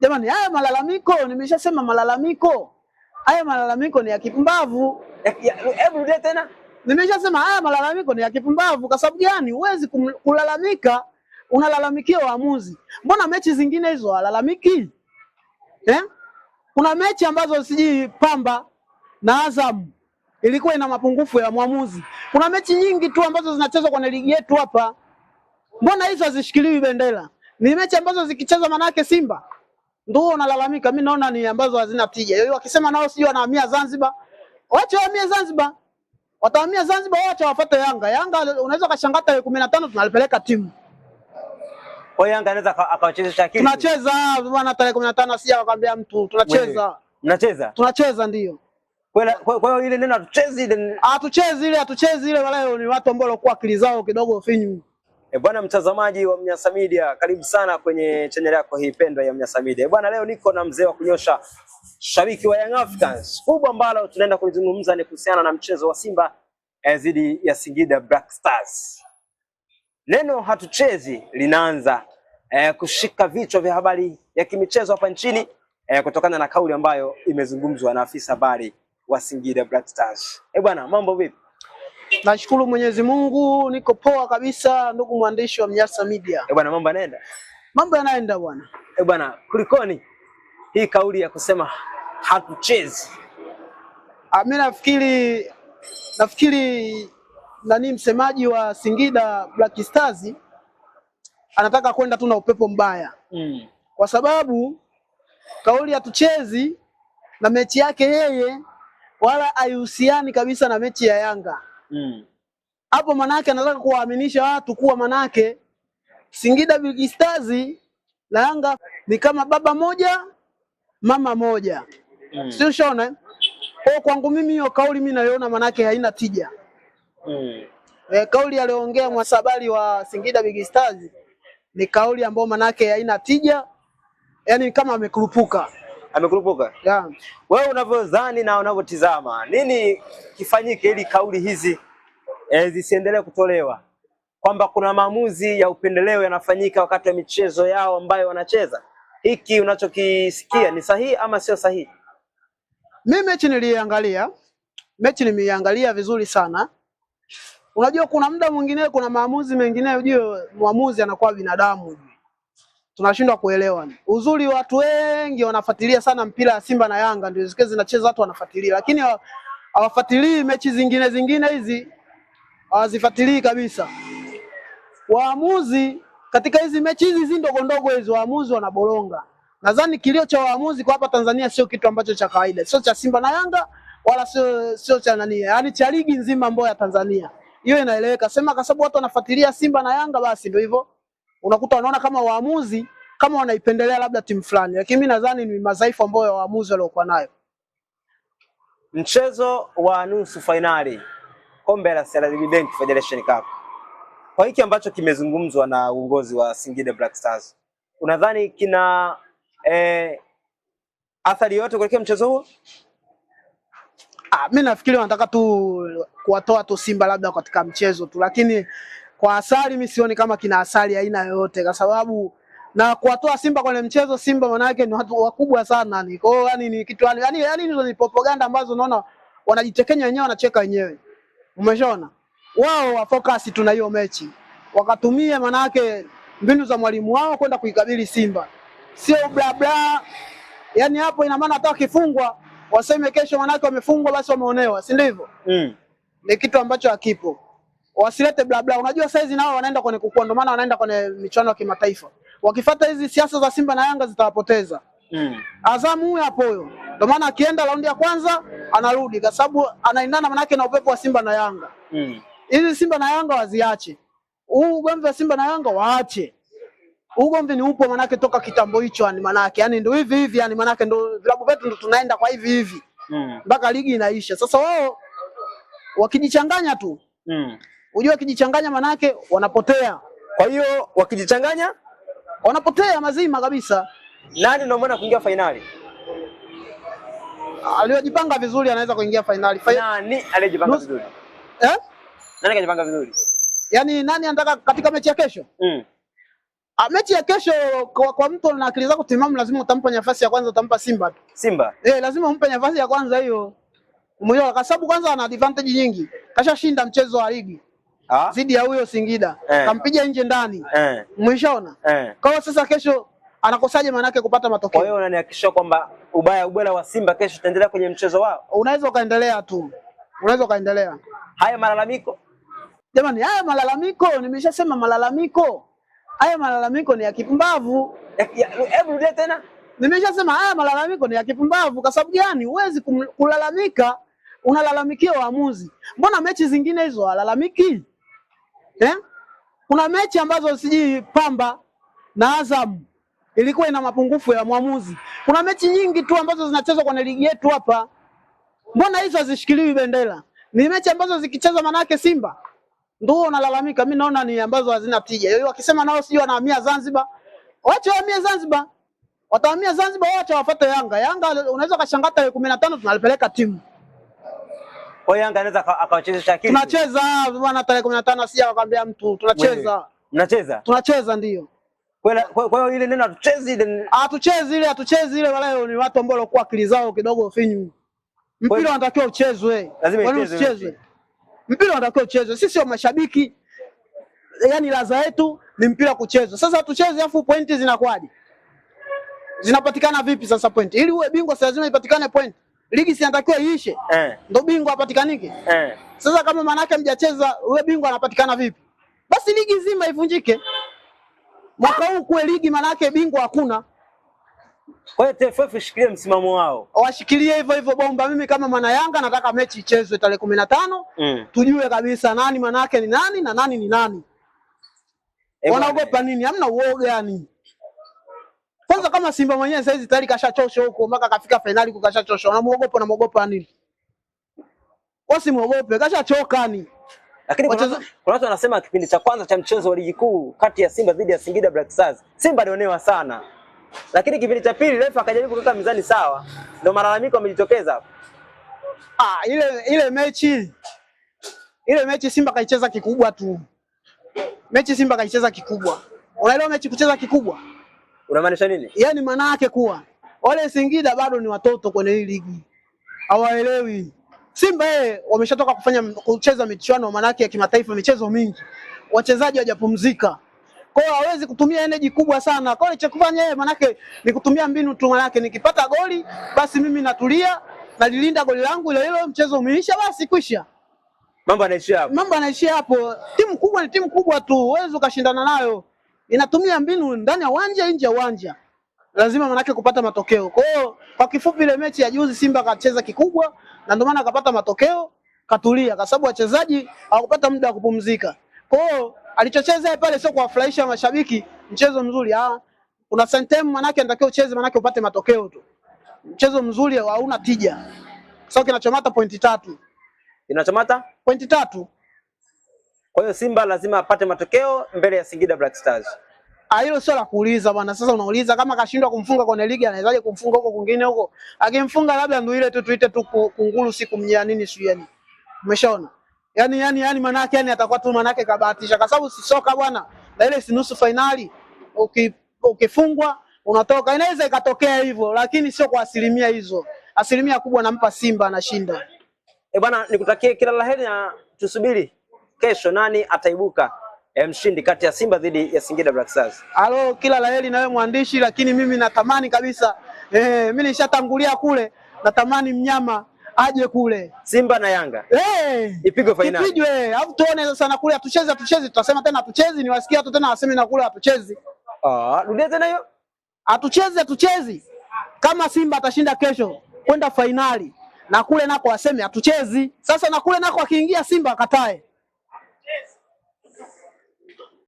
Jamani, haya malalamiko nimeshasema, malalamiko haya malalamiko ni ya kipumbavu. Everyday tena nimeshasema, haya malalamiko ni ya kipumbavu. Kwa sababu gani? Huwezi kulalamika, unalalamikia waamuzi. Mbona mechi zingine hizo walalamiki eh? Kuna mechi ambazo sijui Pamba na Azam ilikuwa ina mapungufu ya mwamuzi. Kuna mechi nyingi tu ambazo zinachezwa kwenye ligi yetu hapa, mbona hizo hazishikiliwi bendera? Ni mechi ambazo zikichezwa, manake Simba ndio wanalalamika. Mimi naona ni ambazo hazina tija. Yeye yaani wakisema nao sio wanahamia Zanzibar, wacha wahamie Zanzibar. Watahamia Zanzibar, wacha wafuate Yanga. Yanga unaweza kashangaa tarehe 15 tunalipeleka timu. Kwa hiyo Yanga anaweza akawachezesha kitu. Tunacheza bwana, tarehe 15 sija akwambia mtu, tunacheza. Mnacheza? Tunacheza ndio. Kwa hiyo ile neno hatuchezi ile hatuchezi ile hatuchezi ile, wala ni watu ambao walikuwa akili zao kidogo finyu. E bwana mtazamaji wa Mnyasa Media, karibu sana kwenye channel yako hii pendwa ya Mnyasa Media. E bwana, leo niko na mzee wa kunyosha, shabiki wa Young Africans. Kubwa ambalo tunaenda kulizungumza ni kuhusiana na mchezo wa Simba eh, dhidi ya Singida Black Stars. Neno hatuchezi linaanza e, kushika vichwa vya habari ya kimichezo hapa nchini e, kutokana na kauli ambayo imezungumzwa na afisa habari wa Singida Black Stars. E bwana, mambo vipi? Nashukuru Mwenyezi Mungu, niko poa kabisa, ndugu mwandishi wa Mnyasa Media. Eh, bwana mambo yanaenda? Mambo yanaenda bwana. Eh, bwana kulikoni? Hii kauli ya kusema hatuchezi. Mimi ah, nafikiri nafikiri nani msemaji wa Singida Black Stars anataka kwenda tu na upepo mbaya mm. Kwa sababu kauli hatuchezi na mechi yake yeye wala haihusiani kabisa na mechi ya Yanga. Mm. hapo mm. Manake anataka kuwaaminisha watu kuwa manake Singida Big Stars na Yanga ni kama baba moja mama moja mm. Sio shona eh? kwa kwangu mimi hiyo kauli mimi naiona manake haina tija mm. E, kauli aliyoongea mwasabali wa Singida Big Stars ni kauli ambayo manake haina tija, yaani kama amekurupuka amekurupuka yeah. Wewe unavyodhani na unavyotizama nini kifanyike ili kauli hizi e, zisiendelee kutolewa, kwamba kuna maamuzi ya upendeleo yanafanyika wakati wa michezo yao ambayo wanacheza. Hiki unachokisikia ni sahihi ama sio sahihi? Mimi mechi niliangalia, mechi nimeiangalia vizuri sana. Unajua, kuna muda mwingine, kuna maamuzi mengine, unajua mwamuzi anakuwa binadamu, tunashindwa kuelewa. Uzuri watu wengi wanafuatilia sana mpira ya Simba na Yanga, ndio zikeze zinacheza, watu wanafuatilia, lakini hawafuatilii mechi zingine zingine hizi hawazifuatilii kabisa. Waamuzi katika hizi mechi hizi hizi ndogo ndogo hizi waamuzi wanaboronga. Nadhani kilio cha waamuzi kwa hapa Tanzania sio kitu ambacho cha kawaida, sio cha Simba na Yanga wala sio sio cha nani, yani cha ligi nzima ambayo ya Tanzania. Hiyo inaeleweka, sema kwa sababu watu wanafuatilia Simba na Yanga, basi ndio hivyo, unakuta wanaona kama waamuzi kama wanaipendelea labda timu fulani, lakini mimi nadhani ni madhaifu ambayo ya waamuzi waliokuwa nayo. Mchezo wa nusu fainali kombe la CRDB Bank Federation Cup. Kwa hiki ambacho kimezungumzwa na uongozi wa Singida Black Stars, unadhani kina eh, athari yoyote kuelekea mchezo huo? Ah, mimi nafikiri wanataka tu kuwatoa tu Simba labda katika mchezo tu, lakini kwa asali mimi sioni kama kina asali aina yoyote kwa sababu na kuwatoa Simba kwenye mchezo, Simba manake ni watu wakubwa sana ni. kwao, yani ni kitu yani yani ni propaganda ambazo unaona wanajitekenya wenyewe wanacheka wenyewe. Umeshaona, wao wa wafokasi tuna hiyo mechi, wakatumia manake mbinu za mwalimu wao kwenda kuikabili Simba, sio bla bla. Yani hapo ina maana hata wakifungwa waseme kesho, manake wamefungwa basi wameonewa, si ndivyo? Mm. Ni kitu ambacho hakipo, wasilete bla bla. Unajua saizi nao wanaenda kwenye kukua, ndio maana wanaenda kwenye michuano ya kimataifa. Wakifuata hizi siasa za Simba na Yanga zitawapoteza. Mm. Azamu huyo hapo huyo, ndio maana akienda raundi ya kwanza anarudi kwa sababu anaendana manake na upepo wa Simba na Yanga hmm. hizi mm. Simba na Yanga waziache huu ugomvi wa Simba na Yanga waache ugomvi ni upo manake toka kitambo hicho yani manake yani ndio hivi hivi yani manake ndio vilabu vyetu ndio tunaenda kwa hivi hivi hmm. mpaka mm. ligi inaisha sasa wao wakijichanganya tu mm. Unajua wakijichanganya manake wanapotea kwa hiyo wakijichanganya wanapotea mazima kabisa nani ndio maana kuingia fainali aliyojipanga vizuri anaweza kuingia fainali. Nani aliyejipanga vizuri? Eh? Nani kajipanga vizuri? Yaani nani anataka katika mechi ya kesho? Mm. A, ah, mechi ya kesho kwa, kwa mtu na akili zako timamu lazima utampa nafasi ya kwanza, utampa Simba tu. Simba. Eh, lazima umpe nafasi ya kwanza hiyo. Mwenyewe kwa sababu kwanza ana advantage nyingi. Kashashinda mchezo wa ligi. Ah? Zidi ya huyo Singida. Eh. Kampiga nje ndani. Eh. Umeshaona? Eh. Kwa sasa kesho anakosaje yake kupata matokeo? Kwa hiyo unanihakikishia kwamba ubaya ubora wa Simba kesho utaendelea kwenye mchezo wao? Unaweza ukaendelea tu, unaweza ukaendelea. Haya malalamiko jamani, haya malalamiko nimeshasema, malalamiko haya malalamiko ni ya kipumbavu. Hebu rudia tena. Nimeshasema haya malalamiko ni ya kipumbavu. Kwa sababu gani? Huwezi kulalamika, unalalamikia waamuzi. Mbona mechi zingine hizo walalamiki eh? Kuna mechi ambazo sijui Pamba na Azam ilikuwa ina mapungufu ya mwamuzi. Kuna mechi nyingi tu ambazo zinachezwa kwenye ligi yetu hapa, mbona hizo hazishikiliwi bendera? Ni mechi ambazo zikichezwa manake Simba ndio wanalalamika. Mimi naona ni ambazo hazina tija. Yeye yaani wakisema nao sio wanahamia Zanzibar, wacha wahamie Zanzibar, watahamia Zanzibar, wacha wafuate Yanga. Yanga unaweza kashangaa tarehe 15 tunalipeleka timu kwa Yanga anaweza akawachezesha akili. Tunacheza bwana, tarehe 15 sija akamwambia mtu, tunacheza. Mnacheza? Tunacheza ndio. Kwa hiyo ile neno hatuchezi ile hatuchezi ile hatuchezi ile, wala ni watu ambao walikuwa akili zao kidogo finyu. Mpira unatakiwa uchezwe, lazima uchezwe. Mpira unatakiwa uchezwe, sisi sio mashabiki. Yaani laza yetu ni mpira kuchezwa. Sasa hatuchezi, afu pointi zinakuwaje? Zinapatikana vipi sasa pointi? Ili uwe bingwa, lazima ipatikane pointi. Ligi si inatakiwa iishe, eh, ndo bingwa apatikanike eh. Sasa kama maana yake mjacheza, uwe bingwa anapatikana vipi? Basi ligi nzima ivunjike mwaka huu kuwe ligi manake bingwa hakuna. Kwa hiyo TFF shikilie msimamo wao, washikilie hivyo hivyo bomba. Mimi kama mwana Yanga nataka mechi ichezwe tarehe kumi na tano mm. tujue kabisa nani manake ni nani na nani ni nani. Wanaogopa nini? Hamna uoga yani. Kwanza kama Simba mwenyewe sasa hizi tayari kashachosha huko mpaka kafika fainali kukashachosha. Unamuogopa unamuogopa nini? Wasimuogope, kashachoka ni. Lakini kuna watu wanasema kipindi cha kwanza cha mchezo wa ligi kuu kati ya Simba dhidi ya Singida Black Stars, Simba alionewa sana, lakini kipindi cha pili refa akajaribu kuweka mizani sawa, ndio malalamiko yamejitokeza hapo. Ah, ile ile mechi ile mechi Simba kaicheza kikubwa tu, mechi Simba kaicheza kikubwa. Unaelewa mechi kucheza kikubwa unamaanisha nini? Yaani maana yake kuwa wale Singida bado ni watoto kwenye hii ligi, hawaelewi Simba yeye eh, wameshatoka kufanya kucheza michuano manake ya kimataifa, michezo mingi, wachezaji hawajapumzika, kwa hiyo hawezi kutumia energy kubwa sana. Kwa hiyo alichokufanya yeye manake ni kutumia mbinu tu, manake nikipata goli basi mimi natulia, nalilinda goli langu ile ile mchezo umeisha, basi kwisha, mambo yanaishia hapo, mambo yanaishia hapo. Timu kubwa ni timu kubwa tu, huwezi ukashindana nayo, inatumia mbinu ndani ya uwanja, nje ya uwanja lazima manake kupata matokeo. Kwa hiyo kwa kifupi, ile mechi ya juzi Simba akacheza kikubwa, na ndio maana akapata matokeo, katulia, kwa sababu wachezaji hawakupata muda wa kupumzika. Kwa hiyo alichocheza pale sio kuwafurahisha mashabiki, mchezo mzuri ah, kuna sometime manake anatakiwa ucheze, manake upate matokeo tu. Mchezo mzuri hauna tija, sio kinachomata pointi tatu, kinachomata pointi tatu. Kwa hiyo Simba lazima apate matokeo mbele ya Singida Black Stars. Ah, hilo sio la kuuliza bwana. Sasa unauliza kama kashindwa kumfunga kwenye ligi anawezaje kumfunga huko kwingine huko? Akimfunga labda ndio ile tu tuite tu kunguru siku mjia nini sio yani. Umeshaona? Yaani yani yani maana yake yani atakuwa tu maana yake kabahatisha kwa sababu si soka bwana. Na ile si nusu finali ukifungwa unatoka. Inaweza ikatokea hivyo lakini sio kwa asilimia hizo. Asilimia kubwa nampa Simba anashinda. Eh, bwana nikutakie kila laheri na tusubiri kesho nani ataibuka mshindi kati ya Simba dhidi ya Singida Black Stars. Halo, kila laheri na wewe mwandishi, lakini mimi natamani kabisa eh, mimi nishatangulia kule, natamani mnyama aje kule Simba na Yanga hey, eh, ipigwe fainali ipigwe, alafu tuone sasa na kule atucheze atucheze, tutasema tena hatuchezi, niwasikia watu tena waseme na kule atucheze. Ah, rudia tena hiyo, atucheze atucheze, Kama Simba atashinda kesho kwenda fainali na kule nako waseme atucheze. Sasa na kule nako akiingia Simba akatae